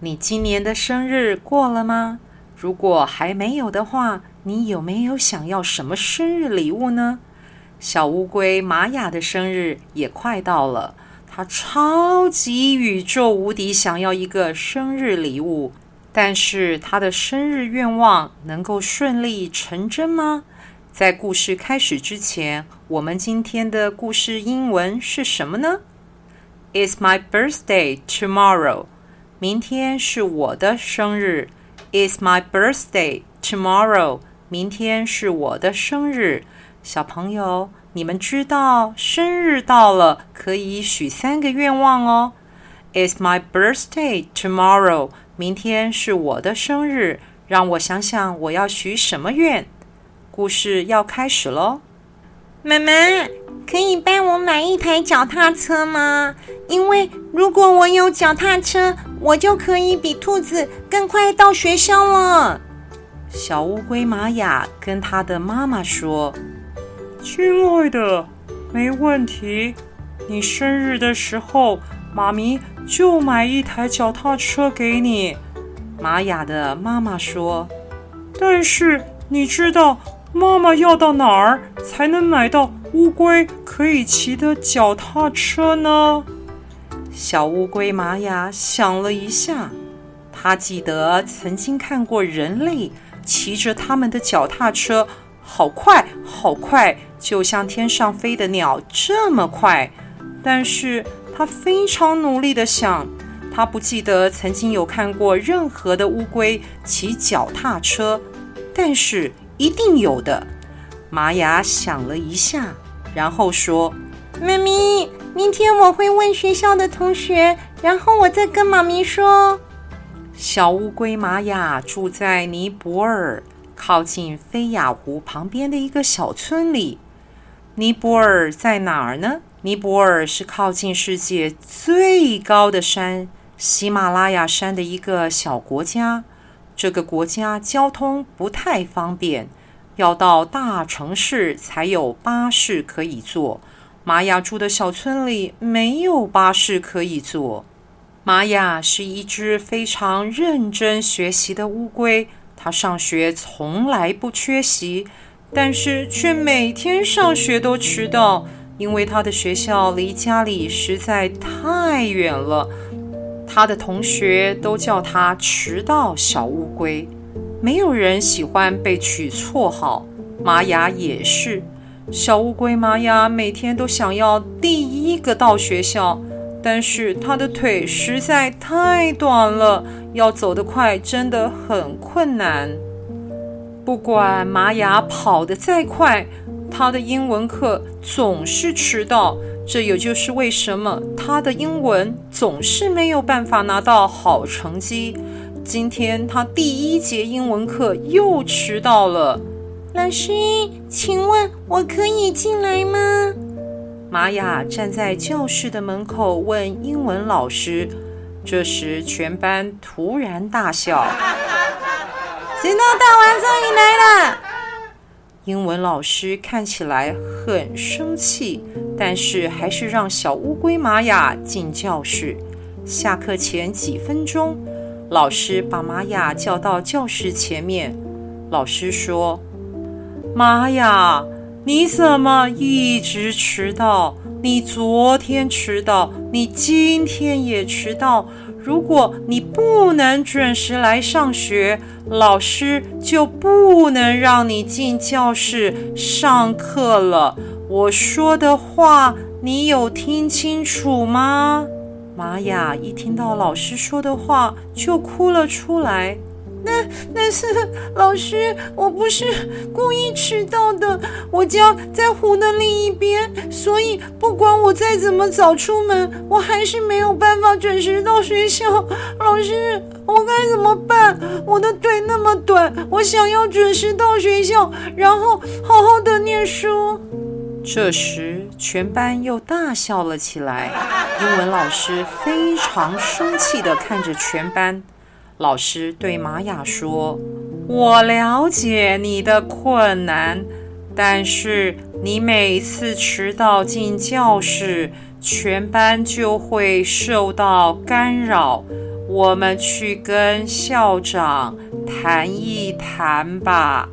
你今年的生日過了嗎？如果還沒有的話，你有沒有想要什麼生日禮物呢？小烏龜瑪雅的生日也快到了，她超級宇宙無敵，想要一個生日禮物。但是她的生日願望能夠順利成真嗎？在故事開始之前，我們今天的故事英文是什麼呢？It's my birthday tomorrow. 明天是我的生日，It's my birthday tomorrow。明天是我的生日，小朋友，你們知道，生日到了可以許三個願望哦。It's my birthday tomorrow。明天是我的生日，讓我想想我要許什麼願。故事要開始嘍。媽媽，可以幫我買一台腳踏車嗎？因為如果我有腳踏車，我就可以比兔子更快到學校了。小烏龜瑪雅跟她的媽媽說：“親愛的，沒問題，你生日的時候，媽咪就買一台腳踏車給你。”瑪雅的媽媽說：“但是你知道。”媽媽要到哪兒才能買到烏龜可以騎的腳踏車呢？小烏龜瑪雅想了一下，她記得曾經看過人類騎着他們的腳踏車，好快，好快，就像天上飛的鳥這麼快。但是她非常努力地想，她不記得曾經有看過任何的烏龜騎腳踏車，但是……一定有的。瑪雅想了一下，然後說：“媽咪，明天我會問學校的同學，然後我再跟媽咪說。”小烏龜瑪雅住在尼泊爾，靠近菲亞湖旁邊的一個小村裡。尼泊爾在哪兒呢？尼泊爾是靠近世界最高的山，喜馬拉雅山的一個小國家。這個國家交通不太方便，要到大城市才有巴士可以坐。瑪雅住的小村裡沒有巴士可以坐。瑪雅是一隻非常認真學習的烏龜，她上學從來不缺席，但是卻每天上學都遲到，因為她的學校離家裡實在太遠了。她的同學都叫她“遲到小烏龜”，沒有人喜歡被取綽號。瑪雅也是。小烏龜瑪雅每天都想要第一個到學校，但是她的腿實在太短了，要走得快真的很困難。不管瑪雅跑得再快，她的英文課總是遲到。這也就是為什麼他的英文總是沒有辦法拿到好成績。今天他第一節英文課又遲到了。老師，請問我可以進來嗎？瑪雅站在教室的門口問英文老師。這時，全班突然大笑。遲到 大王終於來了！英文老師看起來很生氣，但是還是讓小烏龜瑪雅進教室。下課前幾分鐘，老師把瑪雅叫到教室前面。老師說：“瑪雅，你怎麼一直遲到？你昨天遲到，你今天也遲到。”如果你不能準時來上學，老師就不能讓你進教室上課了。我說的話，你有聽清楚嗎？瑪雅一聽到老師說的話，就哭了出來。但，但是，老師，我不是故意遲到的。我家在湖的另一邊，所以不管我再怎麼早出門，我還是沒有辦法準時到學校。老師，我該怎麼辦？我的腿那麼短，我想要準時到學校，然後好好的念書。這時，全班又大笑了起來。英文老師非常生氣地看着全班。老師對瑪雅說：“我了解你的困難，但是你每次遲到進教室，全班就會受到干擾。我們去跟校長談一談吧。”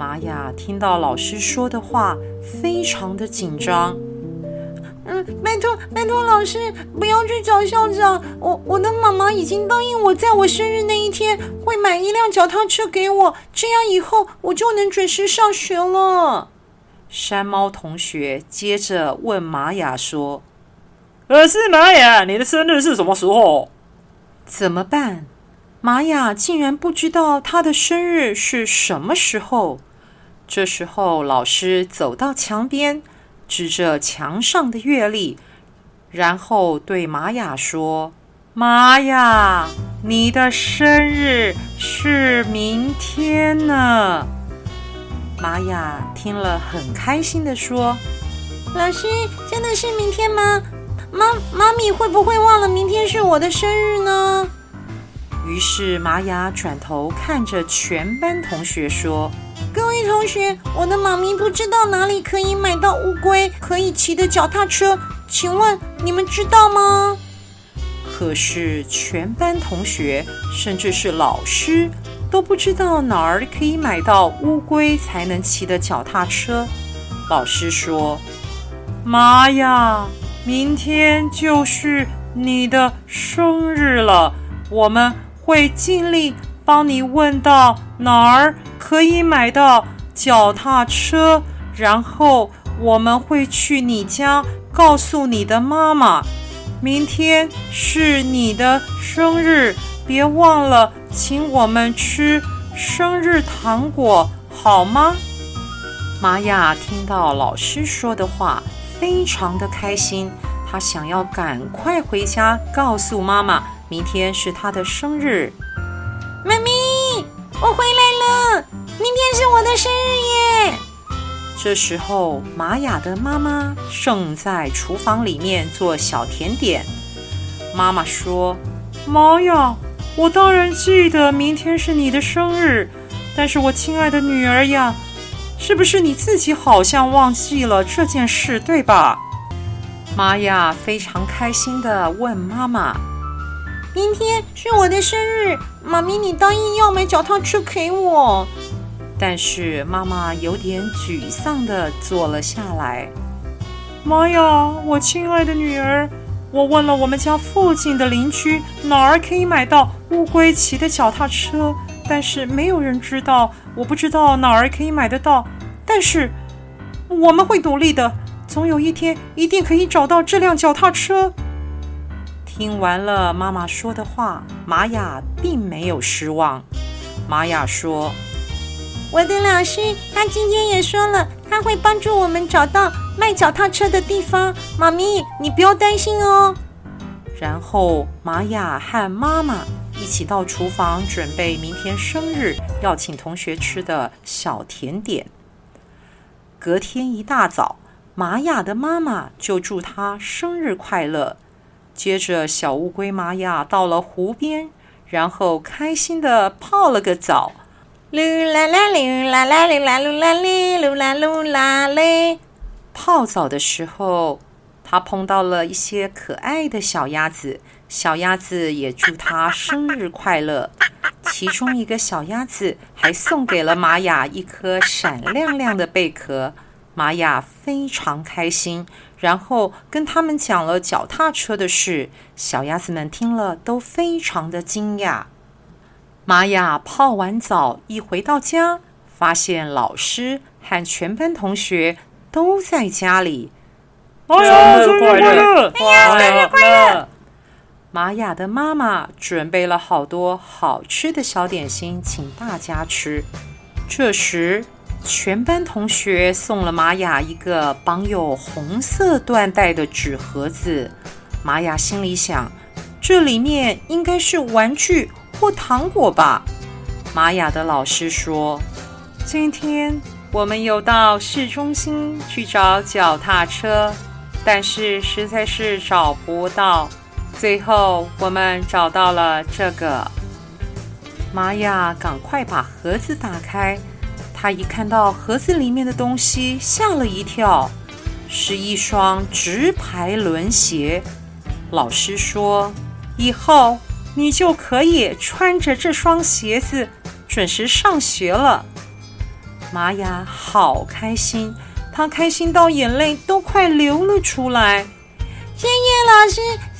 瑪雅聽到老師說的話，非常的緊張。嗯，拜託拜託，老師不要去找校長。我我的媽媽已經答應我，在我生日那一天會買一輛腳踏車給我，這樣以後我就能準時上學了。山貓同學接着問瑪雅說：“可是瑪雅，你的生日是什麼時候？怎麼辦？”瑪雅竟然不知道她的生日是什麼時候。這時候，老師走到牆邊。指着牆上的月曆，然後對瑪雅說：“瑪雅，你的生日是明天呢。”瑪雅聽了，很開心的說：“老師，真的是明天嗎？媽媽咪會不會忘了明天是我的生日呢？”於是瑪雅轉頭看着全班同學說。各位同學，我的媽咪不知道哪裡可以買到烏龜可以騎的腳踏車，請問你們知道嗎？可是全班同學，甚至是老師，都不知道哪兒可以買到烏龜才能騎的腳踏車。老師說：“瑪雅，明天就是你的生日了，我們會盡力。”幫你問到哪兒可以買到腳踏車，然後我們會去你家告訴你的媽媽，明天是你的生日，別忘了請我們吃生日糖果，好嗎？瑪雅聽到老師說的話，非常的開心，她想要趕快回家告訴媽媽，明天是她的生日。我回來了，明天是我的生日耶！這時候，瑪雅的媽媽正在廚房裡面做小甜點。媽媽說：“瑪雅，我當然記得明天是你的生日，但是我親愛的女兒呀，是不是你自己好像忘記了這件事，對吧？”瑪雅非常開心地問媽媽：“明天是我的生日。”媽咪，你答應要買腳踏車給我。但是媽媽有點沮喪地坐了下來。瑪雅，我親愛的女兒，我問了我們家附近的鄰居哪兒可以買到烏龜騎的腳踏車，但是沒有人知道。我不知道哪兒可以買得到，但是我們會努力的，總有一天一定可以找到這輛腳踏車。聽完了媽媽說的話，瑪雅並沒有失望。瑪雅說：“我的老師他今天也說了，他會幫助我們找到賣腳踏車的地方。媽咪，你不用擔心哦。”然後，瑪雅和媽媽一起到廚房準備明天生日要請同學吃的小甜點。隔天一大早，瑪雅的媽媽就祝她生日快樂。接着，小烏龜瑪雅到了湖邊，然後開心地泡了個澡。嚕啦啦，嚕啦啦，嚕啦嚕啦嘞，嚕啦嚕啦嘞。泡澡的時候，她碰到了一些可愛的小鴨子，小鴨子也祝她生日快樂。其中一個小鴨子還送給了瑪雅一顆閃亮亮的貝殼，瑪雅非常開心。然後跟他們講了腳踏車的事，小鴨子們聽了都非常的驚訝。瑪雅泡完澡一回到家，發現老師和全班同學都在家裡。哎呀，生日快樂！哎呀，生日快樂！瑪雅的媽媽準備了好多好吃的小點心，請大家吃。這時。全班同學送了瑪雅一個綁有紅色緞帶的紙盒子，瑪雅心裡想：這裡面應該是玩具或糖果吧。瑪雅的老師說：“今天我們有到市中心去找腳踏車，但是實在是找不到，最後我們找到了這個。”瑪雅趕快把盒子打開。他一看到盒子裡面的東西，嚇了一跳，是一雙直排輪鞋。老師說：“以後你就可以穿着這雙鞋子準時上學了。”瑪雅好開心，她開心到眼淚都快流了出來。謝謝老師，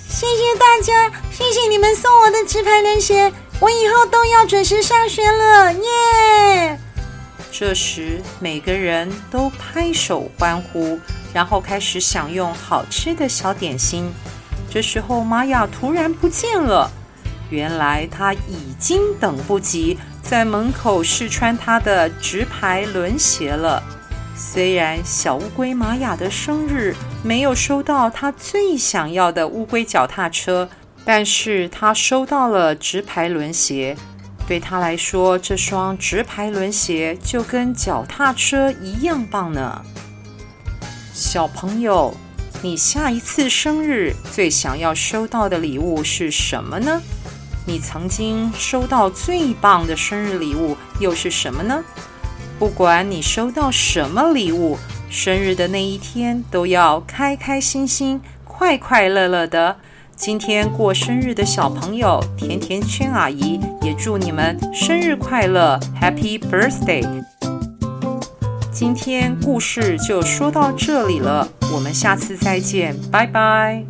謝謝大家，謝謝你們送我的直排輪鞋，我以後都要準時上學了，耶！這時，每個人都拍手歡呼，然後開始享用好吃的小點心。這時候，瑪雅突然不見了。原來，她已經等不及在門口試穿她的直排輪鞋了。雖然小烏龜瑪雅的生日沒有收到她最想要的烏龜腳踏車，但是她收到了直排輪鞋。對他來說，這雙直排輪鞋就跟腳踏車一樣棒呢。小朋友，你下一次生日最想要收到的禮物是什麼呢？你曾經收到最棒的生日禮物又是什麼呢？不管你收到什麼禮物，生日的那一天都要開開心心、快快樂樂的。今天過生日的小朋友，甜甜圈阿姨也祝你們生日快樂，Happy Birthday！今天故事就說到這裡了，我們下次再見，拜拜。